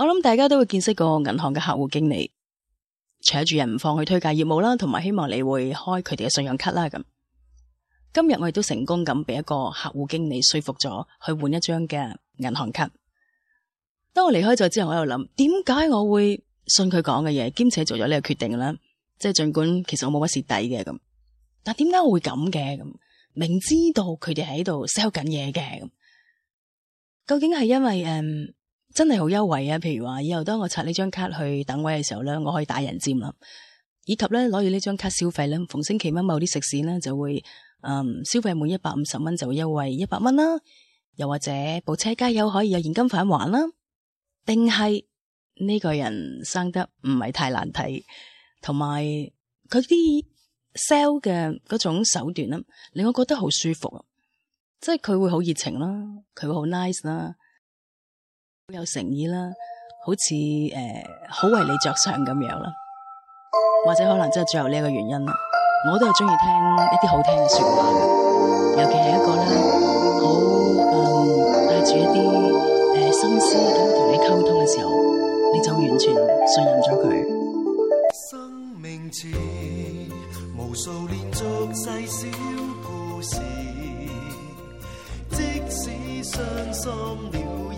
我諗大家都會見識過銀行嘅客戶經理扯住人唔放去推介業務啦，同埋希望你會開佢哋嘅信用卡啦咁。今日我亦都成功咁俾一個客戶經理說服咗去換一張嘅銀行卡。當我離開咗之後，我又諗點解我會信佢講嘅嘢，兼且做咗呢個決定啦。即係盡管其實我冇乜蝕底嘅咁，但點解我會咁嘅咁？明知道佢哋喺度 sell 緊嘢嘅咁，究竟係因為誒？嗯真係好優惠啊！譬如話以後當我刷呢張卡去等位嘅時候咧，我可以打人尖啦，以及咧攞住呢張卡消費啦，逢星期五某啲食肆咧就會，嗯，消費滿一百五十蚊就會優惠一百蚊啦。又或者部車加油可以有現金返還啦，定係呢個人生得唔係太難睇，同埋佢啲 sell 嘅嗰種手段啦，令我覺得好舒服啊！即係佢會好熱情啦，佢會好 nice 啦。有誠意啦，好似誒好為你着想咁樣啦，或者可能真係最後呢一個原因啦，我都係中意聽一啲好聽嘅說話，尤其係一個咧好誒帶住一啲誒、呃、心思咁同你溝通嘅時候，你就完全信任咗佢。生命無數連續細小故事，即使傷心了。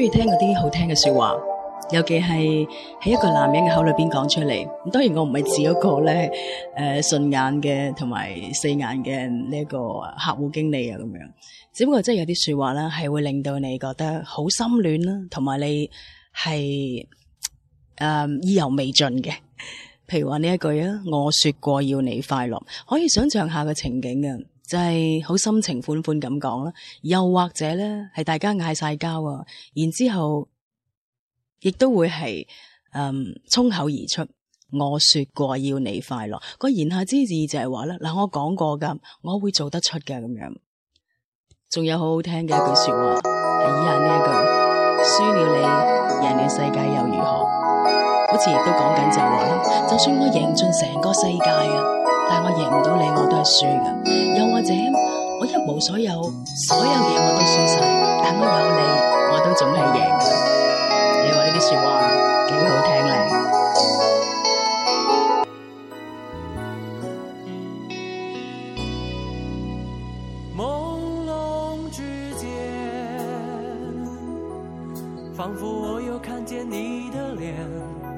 中意聽嗰啲好聽嘅說話，尤其係喺一個男人嘅口裏邊講出嚟。咁當然我唔係指一個咧，誒順眼嘅同埋四眼嘅呢一個客戶經理啊咁樣。只不過真係有啲說話咧，係會令到你覺得好心暖啦，同埋你係誒、呃、意猶未盡嘅。譬如話呢一句啊，「我說過要你快樂，可以想象一下嘅情景啊。」就係好深情款款咁講啦，又或者咧係大家嗌晒交啊，然之後亦都會係嗯衝口而出。我說過要你快樂，個言下之意就係話啦嗱，我講過噶，我會做得出嘅咁樣。仲有好好聽嘅一句說話係以下呢一句，輸了你贏了世界又如何？好似亦都講緊就係話啦，就算我贏盡成個世界啊！但我贏唔到你，我都係輸噶。又或者我一無所有，所有嘢我都輸晒，但我有你，我都總係贏噶。你話呢啲說話幾好聽咧？朦朧之間，仿佛我又看見你的臉。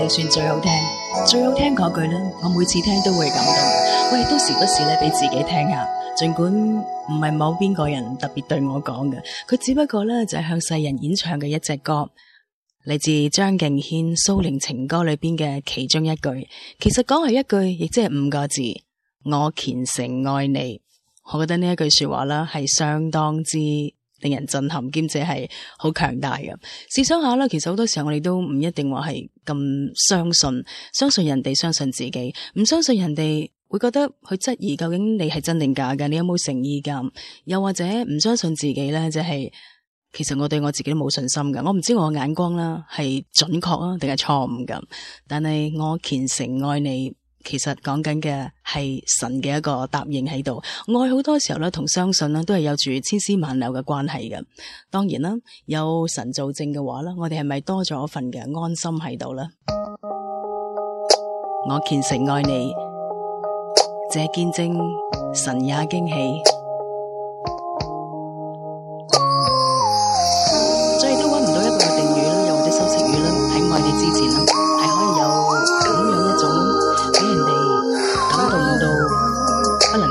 你算最好聽，最好聽嗰句呢，我每次聽都會感動。我亦都時不時咧俾自己聽下，盡管唔係某邊個人特別對我講嘅，佢只不過呢，就係向世人演唱嘅一隻歌，嚟自張敬軒《蘇寧情歌》裏邊嘅其中一句。其實講係一句，亦即係五個字：我虔誠愛你。我覺得呢一句說話呢，係相當之，令人震撼兼且係好強大嘅。試想下啦，其實好多時候我哋都唔一定話係咁相信，相信人哋，相信自己。唔相信人哋會覺得去質疑究竟你係真定假嘅，你有冇誠意噶？又或者唔相信自己咧，即係其實我對我自己都冇信心嘅，我唔知我眼光啦係準確啊定係錯誤嘅。但係我虔誠愛你。其實講緊嘅係神嘅一個答應喺度，愛好多時候咧同相信呢都係有住千絲萬縷嘅關係嘅。當然啦，有神做證嘅話啦，我哋係咪多咗一份嘅安心喺度咧？我虔誠愛你，借見證神也驚喜。